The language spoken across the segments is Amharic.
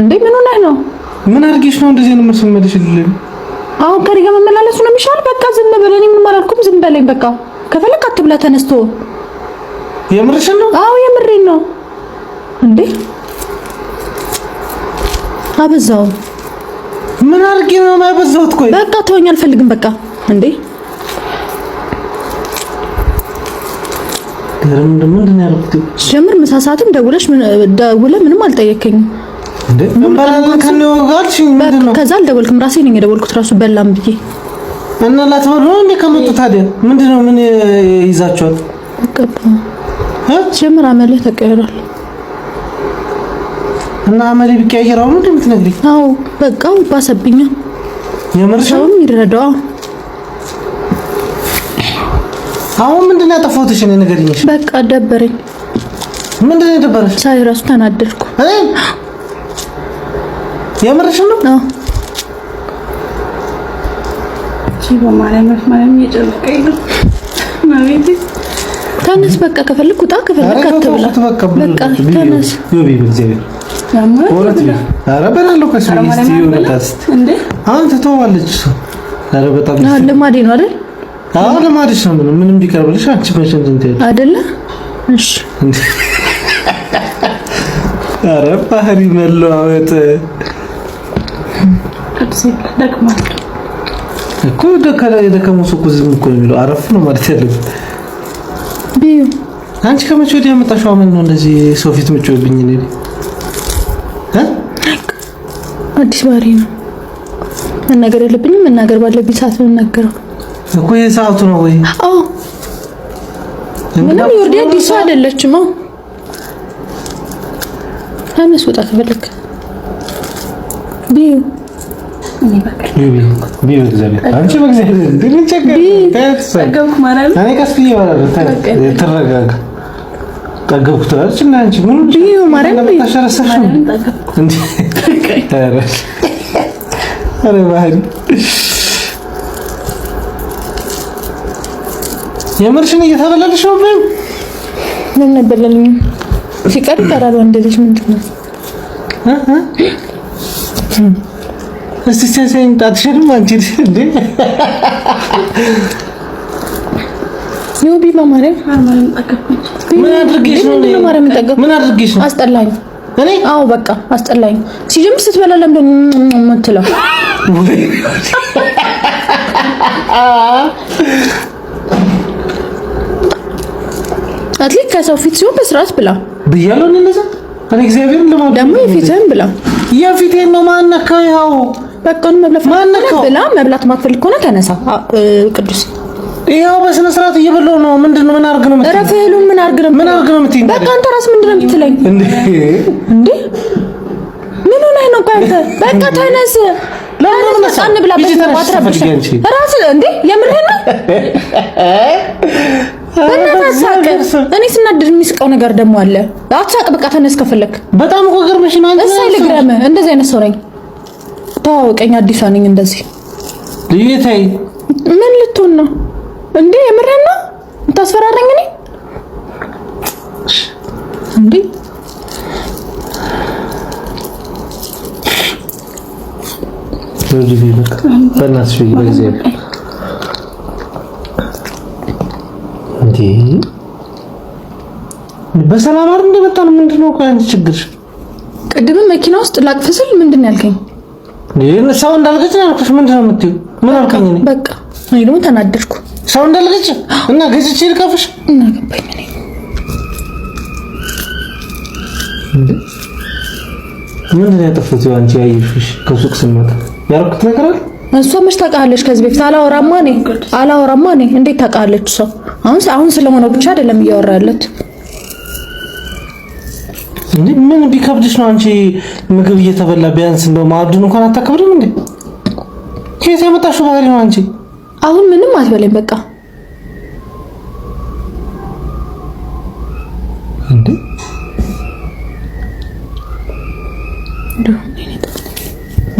እንዴ ምን ሆነህ ነው? ምን አድርጌሽ ነው እንደዚህ ነው የምትመልሽልኝ? አሁን ከእኔ ጋር መመላለሱ ነው የሚሻል። በቃ ዝም በል። እኔ ምንም አላልኩም። ዝም በለኝ በቃ። ከፈለክ አትብላ ተነስቶ። የምርሽን ነው? አዎ የምሬን ነው። እንዴ አበዛው። ምን አድርጌ ነው የማበዛሁት? ቆይ በቃ ተወኝ፣ አልፈልግም። በቃ እንዴ ጀምር ምሳ ሰዓትም ደውለሽ ደውለ ምንም አልጠየከኝም። ከዛ አልደወልክም። ራሴ ነኝ የደወልኩት ራሱ በላም ብዬ እና ላትበሉ ነው እንዴ? ከመጡ ታዲያ ምንድን ነው? ምን ይዛቸዋል? ጀምር አመሌ ተቀይሯል። እና አመልህ ቢቀያየራው ምንድን የምትነግሪኝ? አዎ በቃው ባሰብኛ። የምር ይረዳዋ። አሁን ምንድን ነው ያጠፋሁት? እሺ በቃ ደበረኝ። ምንድን ነው የደበረሽ? ሳይረሱ ተናደድኩ። የምርሽ ነው? አዎ። ነው። ተነስ፣ በቃ ከፈልክ ውጣ፣ ከፈልክ አትብላ። በቃ ተነስ። ዮቢ በእግዚአብሔር ኧረ በጣም ልማዴ ነው አይደል? አዎ ልማድሽ ነው። ምንም ምንም ቢቀርብልሽ አንቺ መቼም ዝም ትያለሽ አይደለ? እሺ ኧረ ባህሪ መለዋወጥ እኮ የደከመው ሰው እኮ ዝም እኮ የሚለው አረፍ ነው ማለት አንቺ ከመቼ ወዲህ ያመጣሽው አመል ነው እንደዚህ ሰው ፊት ምጮብኝ? አዲስ ባህሪ ነው መናገር ያለብኝም መናገር ባለብኝ ሰዓት ነው የምናገረው እኮ። ይሄ ሰዓቱ ነው ወይ? አዎ ምንም አዲስ ሰው አይደለችም። አዎ ወጣ ከፈለክ ቢዩ የምርሽን እየተበላለሽ ነው ብለን ምን ነበለልኝ ሲቀር ይቀራል። ወንድ ልጅ ምንድን ነው? እስቲቻሳይም ጣትሽንም አንቺን እንዴ ዩቢ ምን አድርጌሽ ነው? አስጠላኝ። እኔ አዎ በቃ አስጠላኝ። ሲጀምር ስትበላ ለምንድን የምትለው? አትሊት ከሰው ፊት ሲሆን በስርዓት ብላ ብያለሁ። እኔ እግዚአብሔር ደግሞ የፊትህን ብላ የፊቴን ነው ማነካው? በቀኑ መብላት ብላ መብላት ማትፈልግ ከሆነ ተነሳ። ቅዱስ ያው በስነ ስርዓት እየበላሁ ነው። ምንድን ነው ምን አድርግ ነው የምትለኝ? ረፈሉ ምን አድርግ ነው ምን አድርግ ነው የምትለኝ? በቃ አንተ ራስህ ምንድን ነው የምትለኝ? እንዴ ምን ሆነህ ነው? አንተ በቃ ተነስ። ለምን ነው እንብላበት? አትረብሽ ራስህ እንዴ የምርህን ነው? እኔ ስናደድ የሚስቀው ነገር ደግሞ አለ። አትሳቅ። በቃ ተነስ ከፈለክ። በጣም እኮ ገርመሽ ነው አንተ። እንደዚህ አይነት ሰው ነኝ ተዋወቀኝ። አዲስ ነኝ። እንደዚህ ልዩታይ ምን ልትሆን ነው እንዴ? የምርህን ነው የምታስፈራረኝ? እኔ እንዴ በሰላም አይደል እንደመጣ ነው። ምንድን ነው ችግር? ቅድምም መኪና ውስጥ ላቅፍ ስል ምንድን ነው ያልከኝ? ግን ሰው እንዳልገጭ ነው ያልኩሽ። ምንድን ነው የምትይው? ምን አልከኝ? እኔ በቃ እኔ ደግሞ ተናደድኩ። ሰው እንዳልገጭ እና ገጭቼ ልቀፍሽ እና ገባኝ እኔ ምንድን ነው ያጠፋሁት? ይኸው አንቺ ያየሽሽ ከሱቅ ስመጣ ያደረኩት ነገር አለ። እሷ መች ታውቃለች? ከዚህ በፊት አላወራማ እኔ አላወራማ እኔ እንዴት ታውቃለች? ሰው አሁን አሁን ስለሆነው ብቻ አይደለም እያወራለት እንዴ ምን ቢከብድሽ ነው አንቺ ምግብ እየተበላ ቢያንስ እንደው ማዕዱን እንኳን አታከብሪም እንዴ? ከየት ያመጣሽው ባህሪ ነው አንቺ? አሁን ምንም አትበላኝ በቃ እንዴ።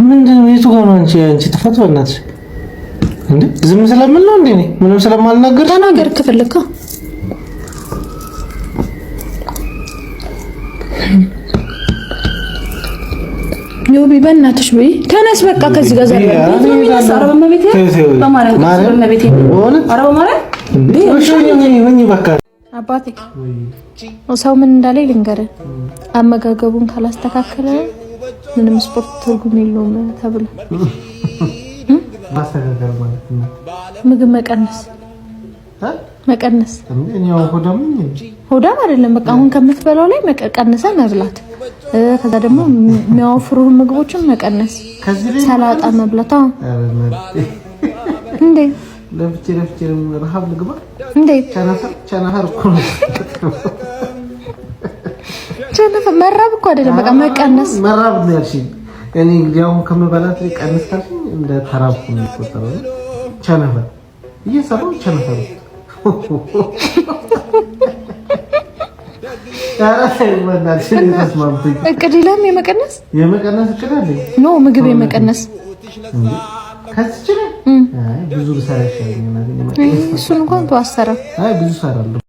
ምንድን ነው የቱ ጋር ነው አንቺ አንቺ ጥፋት በእናትሽ እንዴ? ዝም ስለምን ነው እንዴ? ምንም ስለማልናገር ተናገር ከፈለግከው ዮቢ በእናትሽ ተነስ፣ በቃ ከዚህ ጋር አባቴ ሰው ምን እንዳለ አመጋገቡን ካላስተካከለ ምንም ስፖርት ትርጉም የለውም ተብሎ ምግብ መቀነስ መቀነስ ሆዳም አይደለም። በቃ አሁን ከምትበላው ላይ መቀነሰ መብላት ከዛ ደግሞ የሚያወፍሩ ምግቦችን መቀነስ፣ ሰላጣ መብላት። እንዴ ለፍቼ ለፍቼ ረሃብ ልግባ እንዴ? ቸነፈር እኮ ነው ቸነፈር፣ መራብ እኮ አይደለም። በቃ መቀነስ፣ መራብ ነው ያልሽኝ። እኔ እንግዲህ ከመበላት ላይ ቀንስ ካልሽኝ እንደ ተራብኩ ነው የሚቆጠረው። ቸነፈር እየሰራሁ ቸነፈር እቅድ የመቀነስ የመቀነስ እቅድ ኖ ምግብ የመቀነስ ከዚህ ብዙ ሰራ ይሻለኛል። እሱን እንኳን ተዋሰረ። አይ ብዙ ሰራለሁ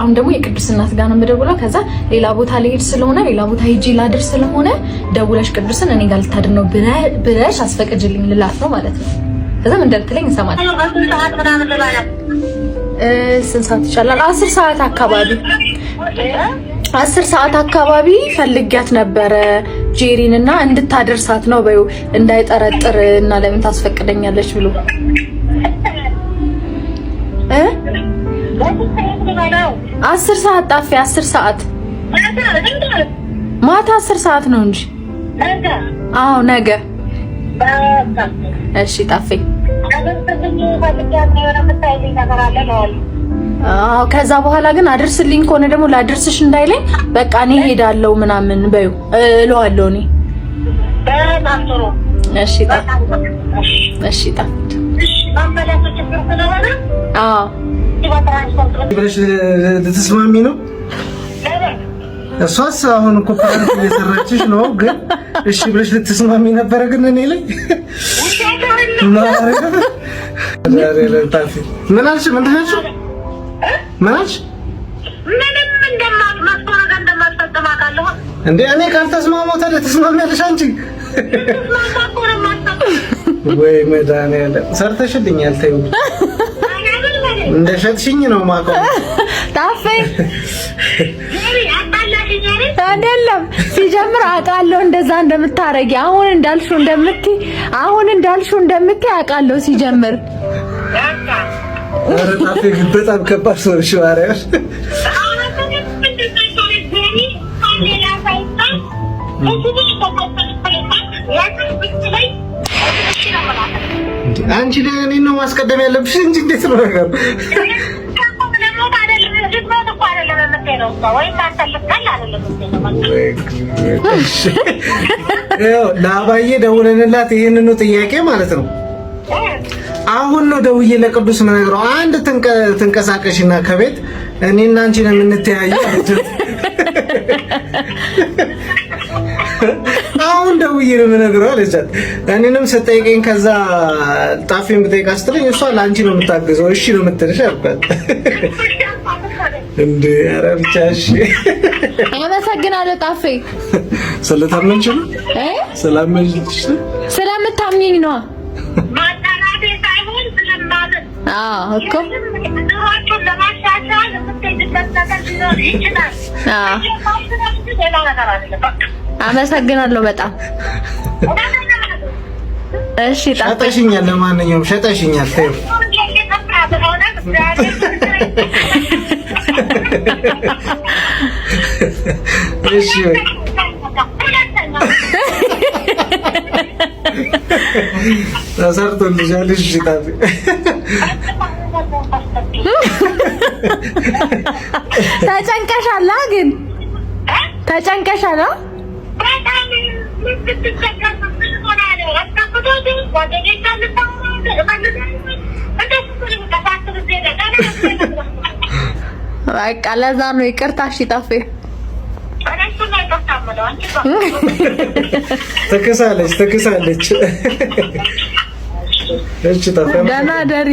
አሁን ደግሞ የቅዱስ እናት ጋር ነው የምደውለው። ከዛ ሌላ ቦታ ልሄድ ስለሆነ ሌላ ቦታ ሄጄ ላድር ስለሆነ ደውለሽ ቅዱስን እኔ ጋር ልታድር ነው ብለሽ አስፈቅጅልኝ ልላት ነው ማለት ነው። ከዛ ምን እንደምትለኝ እንሰማለን። ስንት ሰዓት ይቻላል? አስር ሰዓት አካባቢ አስር ሰዓት አካባቢ ፈልጊያት ነበረ ጄሪን እና እንድታደርሳት ነው በይው እንዳይጠረጥር እና ለምን ታስፈቅደኛለች ብሎ እ አስር ሰዓት ጣፊ አስር ሰዓት ማታ አስር ሰዓት ነው እንጂ። አዎ ነገ። እሺ ጣፊ አዎ ከዛ በኋላ ግን አድርስልኝ ከሆነ ደግሞ ላድርስሽ እንዳይለኝ በቃ እኔ ሄዳለሁ ምናምን በዩ እለዋለሁ እኔ። እሺ ጣፊ እሺ ጣፊ አዎ ብለሽ ልትስማሚ ነው? እሷስ አሁን እኮ ፕራንክ እየሰራችሽ ነው፣ ግን እሺ ብለሽ ልትስማሚ ነበረ። ግን እኔ ላይ ምን አልሽ? ምን ትነሽ? ምን አልሽ? እንደ እኔ ካልተስማማሁ ታዲያ ትስማሚያለሽ አንቺ? ወይ መድኃኒዓለም ሰርተሽልኛል። ተይው እንደሸጥሽኝ ነው የማውቀው። ታፈኝ አይደለም ሲጀምር አውቃለሁ እንደዛ እንደምታረጊ አሁን እንዳልሽው እንደምትይ አሁን እንዳልሽው እንደምትይ አውቃለሁ ሲጀምር ጣፌ በጣም ከባድ አንቺ ለእኔ ነው ማስቀደም ያለብሽ እንጂ እንዴት ነው ነገር ለአባዬ ደውለንላት ይህንኑ ጥያቄ ማለት ነው። አሁን ነው ደውዬ ለቅዱስ የምነግረው። አንድ ትንቀሳቀሽና ከቤት እኔና አንቺ ነው የምንተያየው። ብዬ ነው የምነግረው አለቻት። እኔንም ስጠይቀኝ ከዛ ጣፌን ብጠይቃ ስትለኝ እሷ ለአንቺ ነው የምታግዘው እሺ ነው የምትልሽ አልኳት። እንዴ ኧረ ብቻ እሺ። አመሰግናለሁ ጣፌ ስለታመንች ነው ስላመንች ስለምታምኘኝ አዎ እኮ ለማሻሻል አመሰግናለሁ በጣም እሺ። ሸጠሽኛል፣ ለማንኛውም ሸጠሽኛል። ተይው እሺ ተሰርቶልሻል። እሺ ታዲያ ተጨንቀሻላ ግን ተጨንቀሻላ በቃ ለዛ ነው ይቅርታ። እሺ ትክሳለች፣ ትክሳለች። እሺ ደህና ደሪ